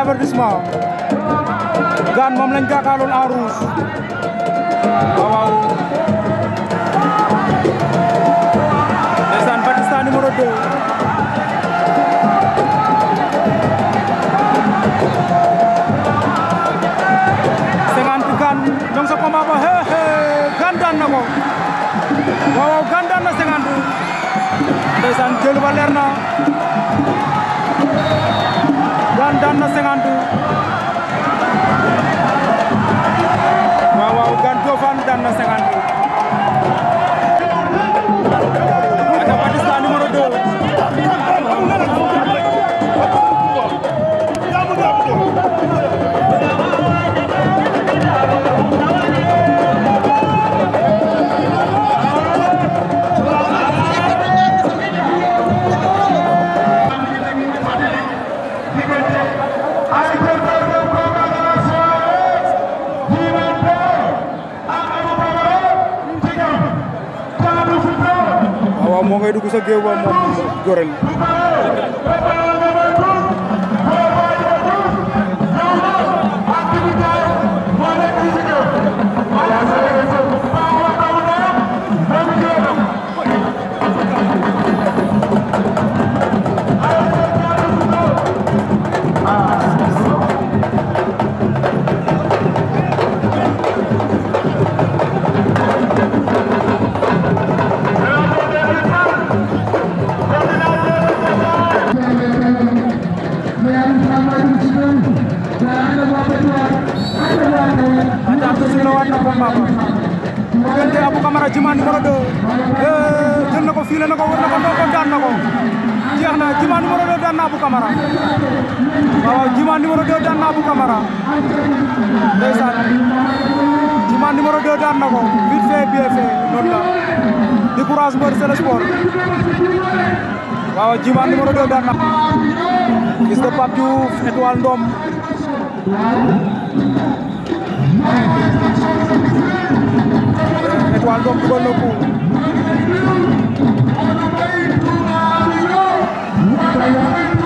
avertissement gan moom lañ arus, en rouge waaw waaw numéro 2 cinquante gan dong sa combat ba he hee Gane na ko waaw daan daan na 50 sa géew ba moom Gorel Camara waaw Djima daan na Abou Camara ndeysaan Djima numéro 2 daan na ko vite fait bien fait la décourage mbër c'est le sport waaw Djima daan na gis nga Pape Diouf étoile Ndom étoile Ndom na ko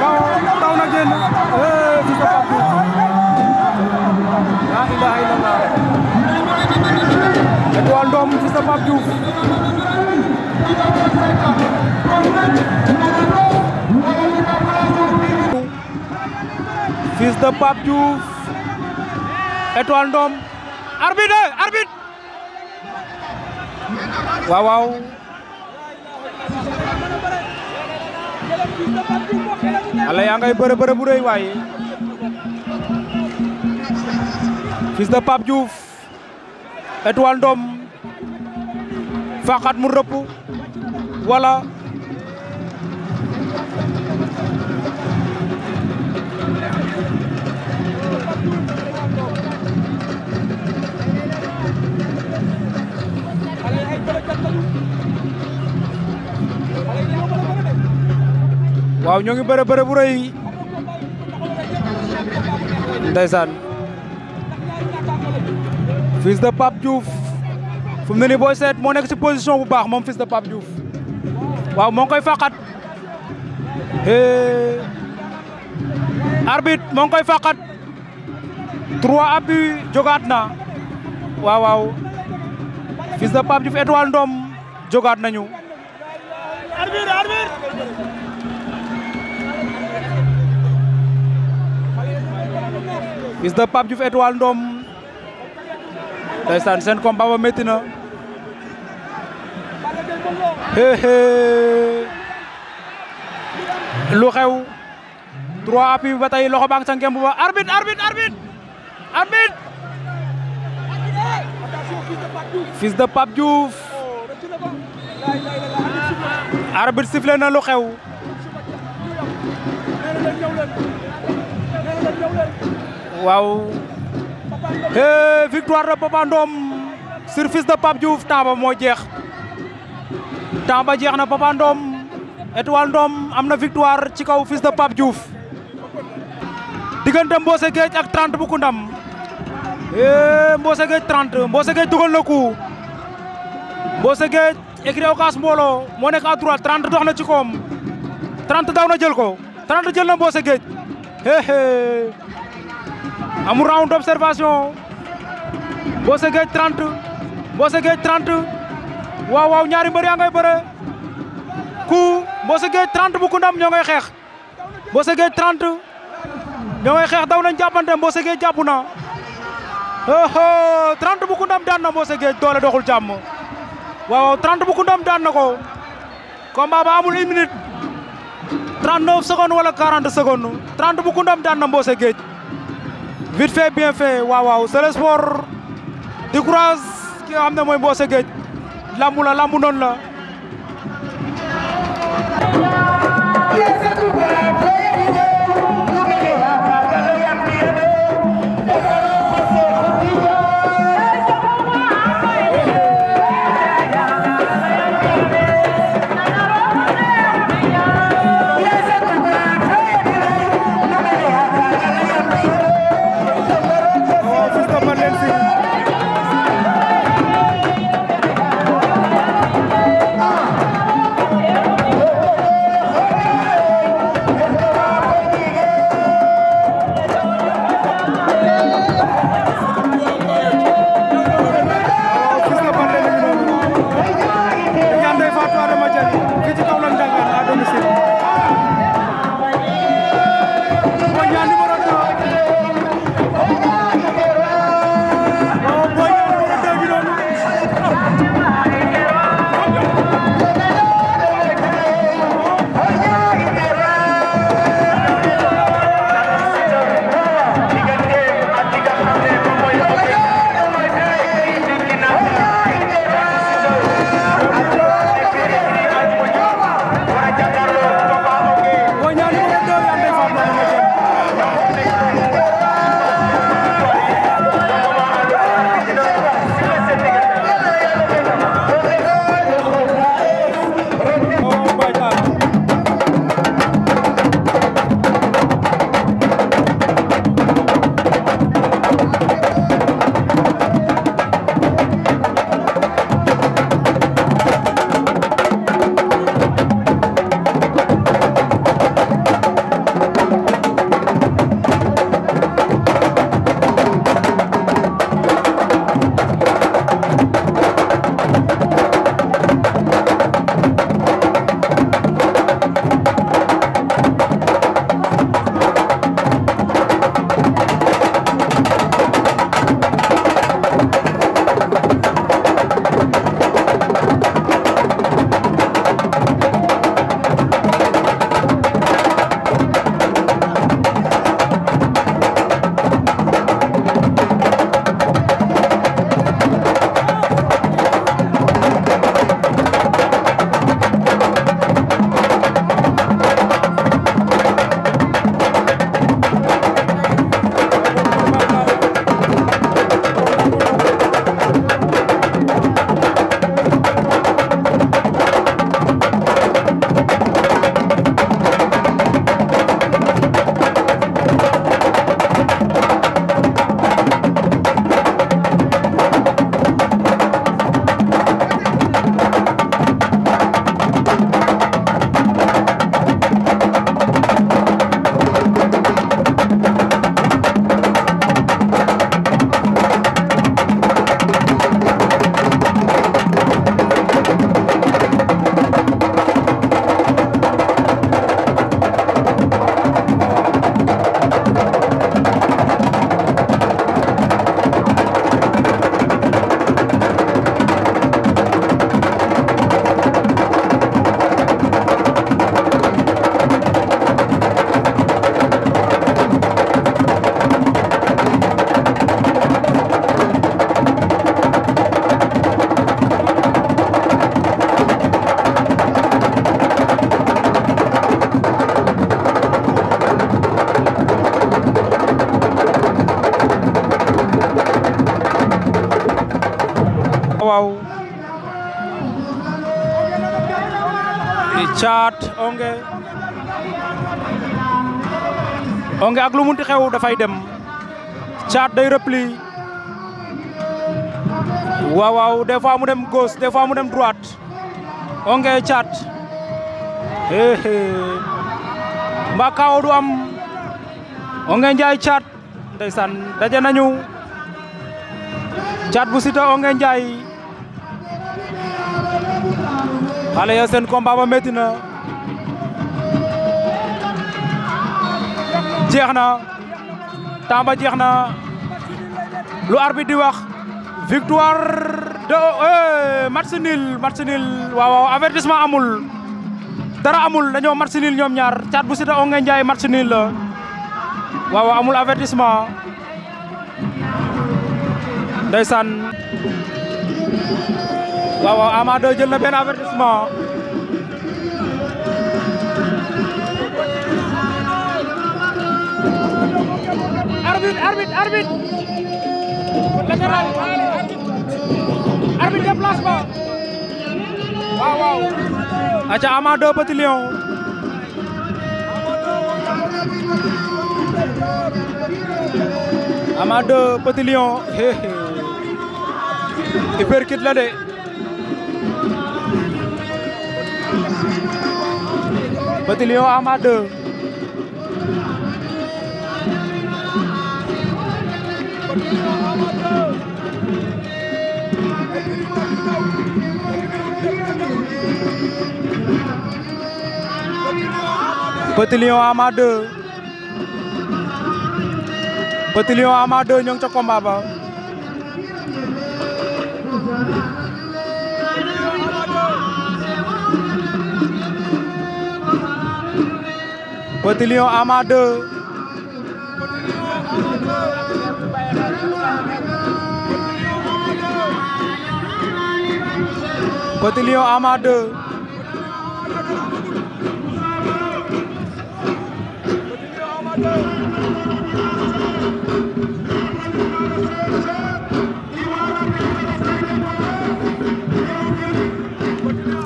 taw na génn fils eh, de Pape Diouf laa ilaaha illallaah Étoile Ndom fils de Pape Diouf fils de Pape Diouf Étoile Ndom arbitre arbitre waaw waaw xale yaa ngay bërë bërë bu rëy waaye fils de Pape Diouf Étoile Ndom faqat mu rëpp wala waaw ñoo ngi bëre bëre bu rëy ndeysaan fils de Pape Diouf fu mu ne booy seet moo nekk si position bu baax moom fils de Pape Diouf waaw moo ngi koy faqat arbitre moo ngi koy faqat trois appuis jogaat na waaw waaw fils de Pape Diouf étoile ndoom jogaat nañu arbitre arbitre gis na Pape Diouf étoile ndoom ndeysaan seen combat ba métti na lu xew trois appuis ba tey loxo bang sa ngemb ba arbitre arbitre arbitre de Pape Diouf arbitre sifflé na lu xew waaw eh victoire de Papa Ndom sur fils de Pape Diouf temps moo jeex temps jeex na Papa Ndom Étoile Ndom am na victoire ci kaw fils de Pape Diouf diggante Mboose Géej ak 30 bu Koundam eh Mboose Géej 30 Mboose Géej dugal na ko Mboose Géej écrit Ocass moo nekk à droite 30 dox na ci koom 30 daw na jël ko 30 jël na Mboose Géej hee amul round d'observation Bosse Gueye 30 Bosse Gueye 30 waaw waaw ñaari mbër yaa ngay bëre ku Bosse Gueye 30 bu kundam ñoo xeex Bosse Gueye 30 ñoo ngay xeex daw nañ jàppante Bosse Gueye jàpp na oho 30 bu kundam na Bosse Gueye doole doxul jàmm waaw 30 bu kundam daan na ko combat ba amul une minute 39 secondes wala 40 secondes 30 bu kundam daan na Bosse Gueye vite fait bien fait waaw waaw c'est le sport di courage mooy Mbossé Gueye lambu la lambu noonu la Chat, onge onge ak lu munti xew fay dem chat day repli waaw waaw des fois mu dem gauche des fois mu dem droite onge caat hehe mbaa kaaw du am onge njaay chat ndaysan dajé nañu chat bu sita onge njaay xale ya seen combat ba métti na jeex na temps jeex na lu bi di wax victoire de eh, match nul match nul waaw waaw amul dara amul dañoo match nul ñoom ñaar caat bu sita Ongué Ndiaye match nul la waaw amul avertissement ndeysaan waaw waaw Ama 2 na benn avertissement arbitre arbitre arbitre latéral arbitre déplacement waaw waaw aca Ama 2 Petit Lion Ama 2 Petit Lion héhé la de Petit Lion Ama 2 Petit Lion Ama 2 Petit Lion Petit Lion Ama 2 Petit Lion Ama 2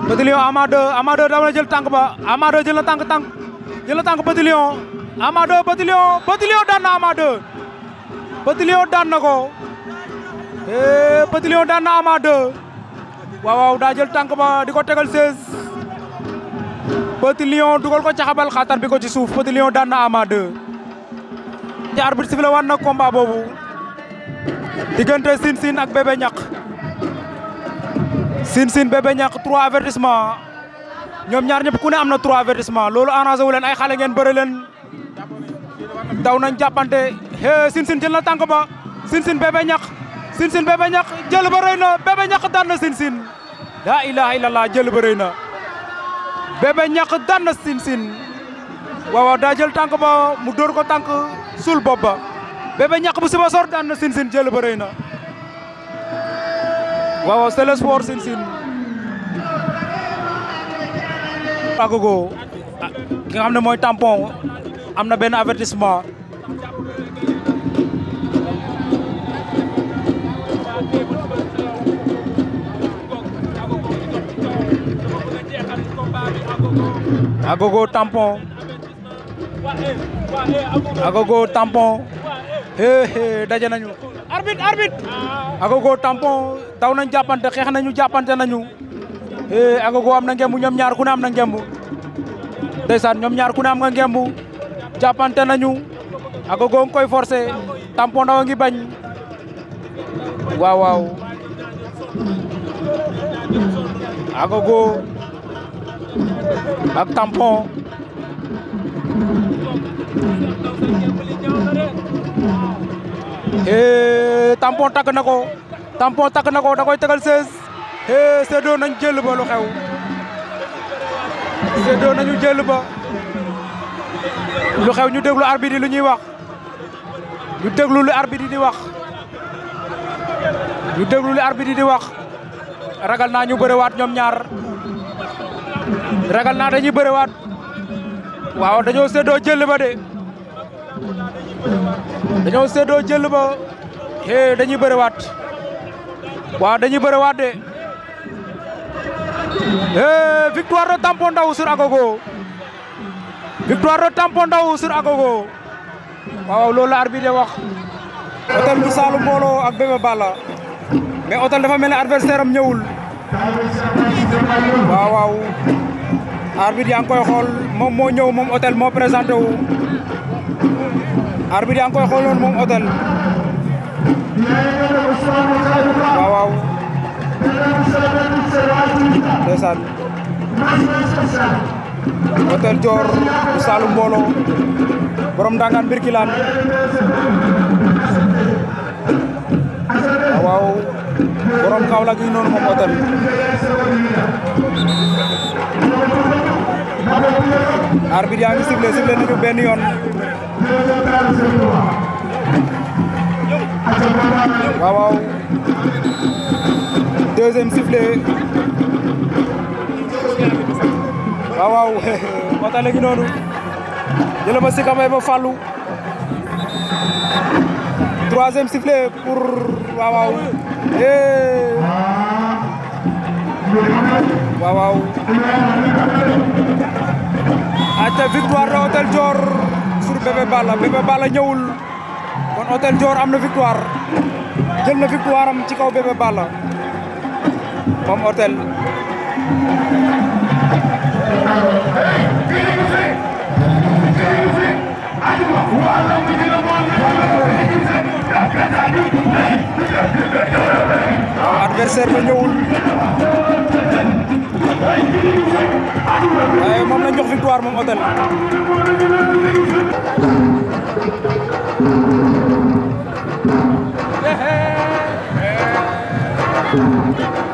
Petit jël tànk ba Ama 2 jël na tànk Eh, jël na tànk Petit Lion Ama 2 Petit Lion Petit Lion Petit eh Petit Lion daan wow wow 2 waaw di ko tegal Petit Lion ko caxabal xatar bi ko ci Petit Lion amado na arbitre civil waat na combat ak Bébé Bébé trois avertissement ñoom ñaar ñëpp ku ne am na trois avertissement loolu arrangé wu leen ay xale ngeen bëri leen daw nañ jàppante hee Sine Sine jël na tànk ba Sine Sine Bébé Ñax Sine Sine Bébé Ñax jël ba rëy na Bébé Ñax daan na Sine laa ilaha illallah jël ba na Bébé ba daan na Sine Sine daa jël tànk ba mu dóor ko tànk suul bopp ba Bébé Ñax bu suba sor daan na Sine Sine jël ba rëy na waaw waaw c'est le agogo ki ah, nga xam ne mooy tampon am na benn avertissement Agogo tampon Agogo tampon hee hee daje nañu arbitre arbitre Agogo tampon taw nañ jàppante xeex nañu jàppante nañu eh Agogo am na ngembu ñoom ñaar ku ne am na ngembu ndeysaan ñoom ñaar ku am nga ngembu jàppante nañu Agogo nga koy forcé tampon ndaw a bañ waaw Agogo ak tampon eh tampon takk na ko tampon takk na ko da koy tegal 16 hee séddoo nañ jël lu xew séddoo nañu jël lu xew ñu déglu arbitre lu ñuy wax ñu déglu lu arbitre yi di wax ñu déglu lu arbitre yi di wax ragal naa ñu bëriwaat ñoom ñaar ragal naa dañuy bëriwaat waaw dañoo seddoo jël ba de dañoo séddoo jël ba hee dañuy bëriwaat waaw dañuy bëriwaat de. Eh, victoire de Tampondaw sur Agogo. Victoire de Tampondaw sur Agogo. waaw loolu la arbitre wax Hotel bu Saalum mbooloo ak Bébé Balla mais hotel dafa melni adversaire am ñewul. waaw waaw arbitre yang koy xol mom mo ñew mom hotel mo présenté wu arbitre yang koy xol waaw waaw ndeysaan hôtel Dior bu borom ndangaan Birkilaan waaw borom Kaolack yi noonu moom hôtel arbitre yaa ngi sifflé sifflé nañu benn yoon waaw deuxième sifflet waaw waaw waxtaan léegi noonu jël quand même troisième sifflet pour waouh! Waouh waaw waaw eh. victoire de Hôtel Dior sur Bébé Bala. Bébé Bala ñëwul Hôtel Dior am victoire jël na victoire am ci Bébé Bala moom hôtel adversaire ba ñëwul waaye moom la jox victoire moom hôtel Thank you.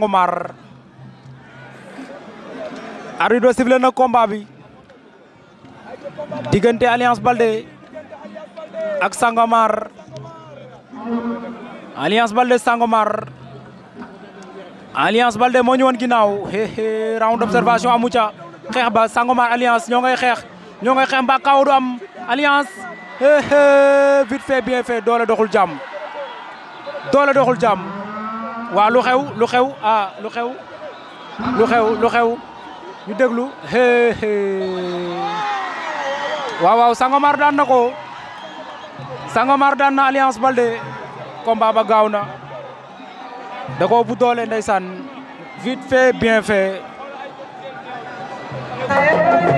Omar arbitre bi na combat bi diggante Alliance Baldé ak Sangomar Alliance Baldé Sangomar Alliance Baldé mo ñu won ginaaw he he round observation amu ca xeex Sangomar alliance ñoo ngay xeex ñoo ngay xeex mbaa alliance eh, eh, vite fait bien fait doole doxul jam doole doxul jam wa lu xew lu xew ah lu xew lu xew lu xew ñu déglu eh, waaw waaw Sangomar daan na ko Sangomar daan alliance Baldé combat ba gaaw na da koo bu doole ndeysaan vite fait bien fait है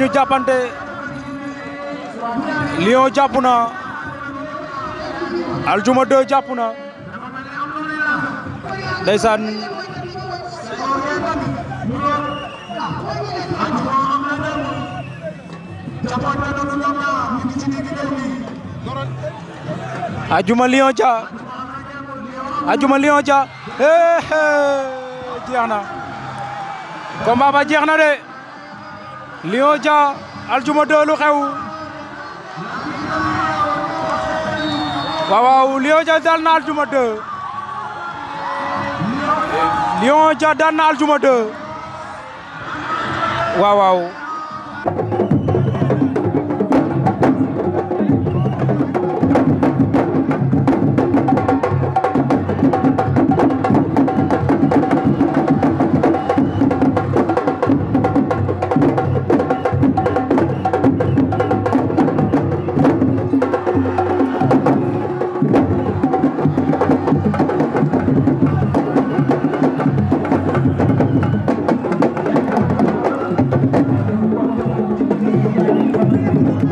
nañu jàppante Lion jappuna Aljuma 2 jappuna na Aljuma Lion ja Aljuma Lion ja eh eh jeex na combat ba jeex de Lion Dia aljuma doolu xew waaw waaw Lion Dia daan na aljuma de Lion Dia daan na aljuma de waaw Thank you.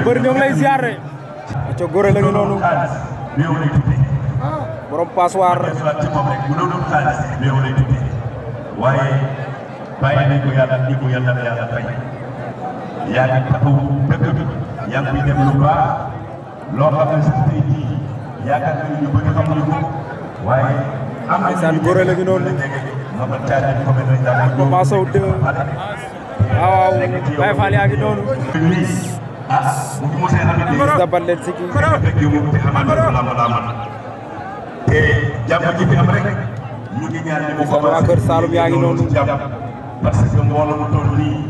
mbër ñoo ngi lay ziare. ca góore la borom passoir. waaye bàyyi ko yàlla yaa ngi taxawu dëkk yaa ngi loo xam ne ko waaye. am na saan góore la ñu noonu. Mama Thiam waaw Baye Fall yaa ngi noonu. Liss si kii. sama waa yaa ngi noonu. parce que mbooloo mu toll nii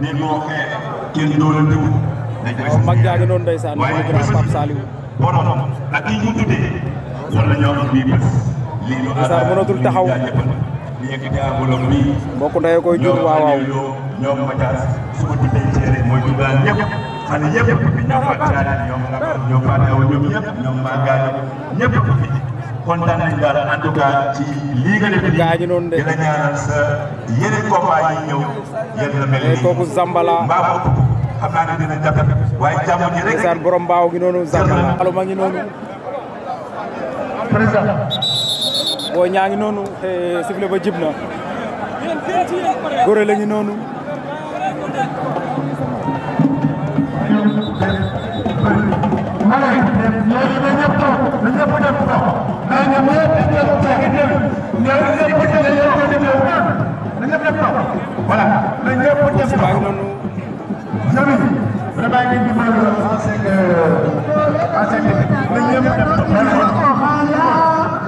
nee yaa ngi noonu ndeysaan mooy grand Pape Saliou. borom ak yi ñu tuddee. mbokk ndey koy jur waaw waaw ñoom Mathias su ko tuddee Thierry mooy jugaan ñëpp xale yëpp ñoom Mathias ñoom ñoom Fatou ñoom ñëpp yi ñëw la kooku Zambala ko xam naa ne dina jàpp waaye jàmm ji rek ndeysaan borom mbaaw ngi noonu boo ñaa ngi noonu sifflet ba jib na góor la ngi noonu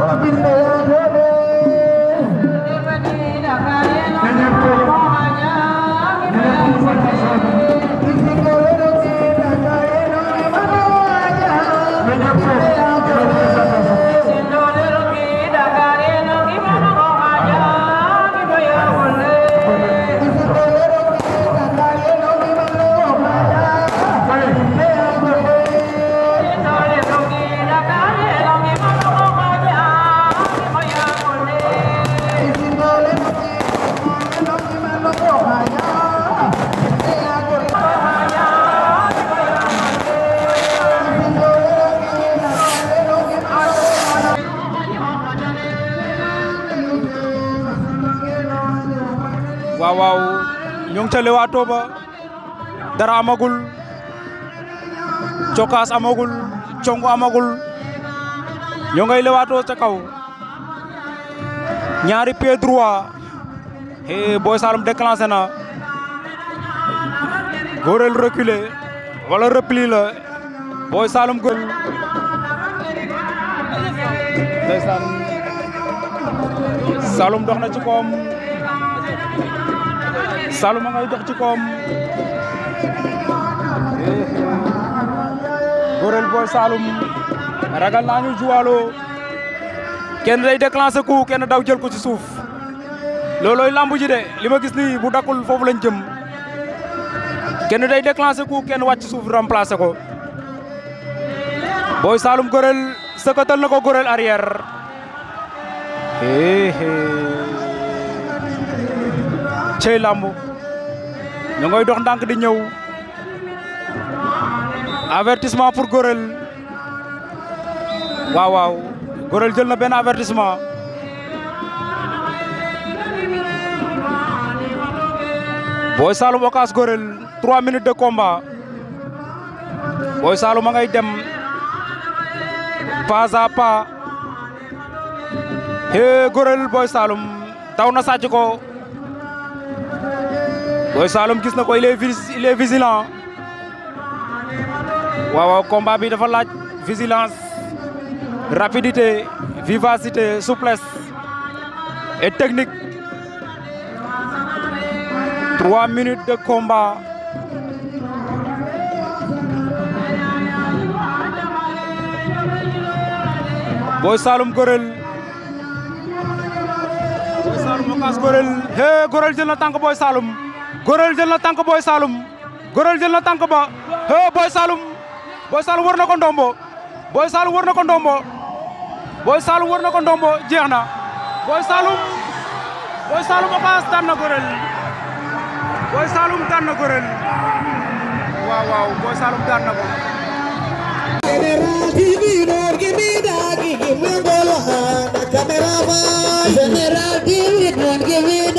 Olha, te lewaatoo ba dara amagul cokaas amagul congu amagul ñoo ngay lewaatoo ca kaw ñaari pied droit hee Boy Saloum déclenché na góoreel reculé wala repli la Boy Saloum góor ndeysaan Saloum dox na ci koom Saloum a ngay dox ci koom Gorel Boy Saloum ragal naa ñu juwalo kenn day déclenché ku kenn daw jël ko ci suuf loolooy lamb ji de li ma gis ni bu dakul foofu lañ jëm kenn day déclenché ku kenn wàcc suuf remplacé ko booy Saloum Gorel sëkkatal na ko Gorel arrière cey lamb ñu ngoy dox ndànk di ñëw avertissement pour Gorel waaw waaw jël na benn avertissement Boy Saloum Ocass Gorel 3 minutes de combat Boy Saloum ma ngay dem pas à pas hee Gorel Boy taw na sàcc ko Boy Saloum gis il est il est vigilant waaw combat bi dafa laaj vigilance rapidité vivacité souplesse et technique trois minutes de combat Boy Saloum Gorel Boy Saloum Okas Gorel hé Gorel jël na tank Boy Saloum Gorel jël na tànk Boy Saloum Gorel jël na tànk ba hee Boy Saloum Boy Saloum war na ko ndombo Boy Saloum war na na ko ndombo jeex na Boy na Gorel Boy Saloum daan na Gorel na ko.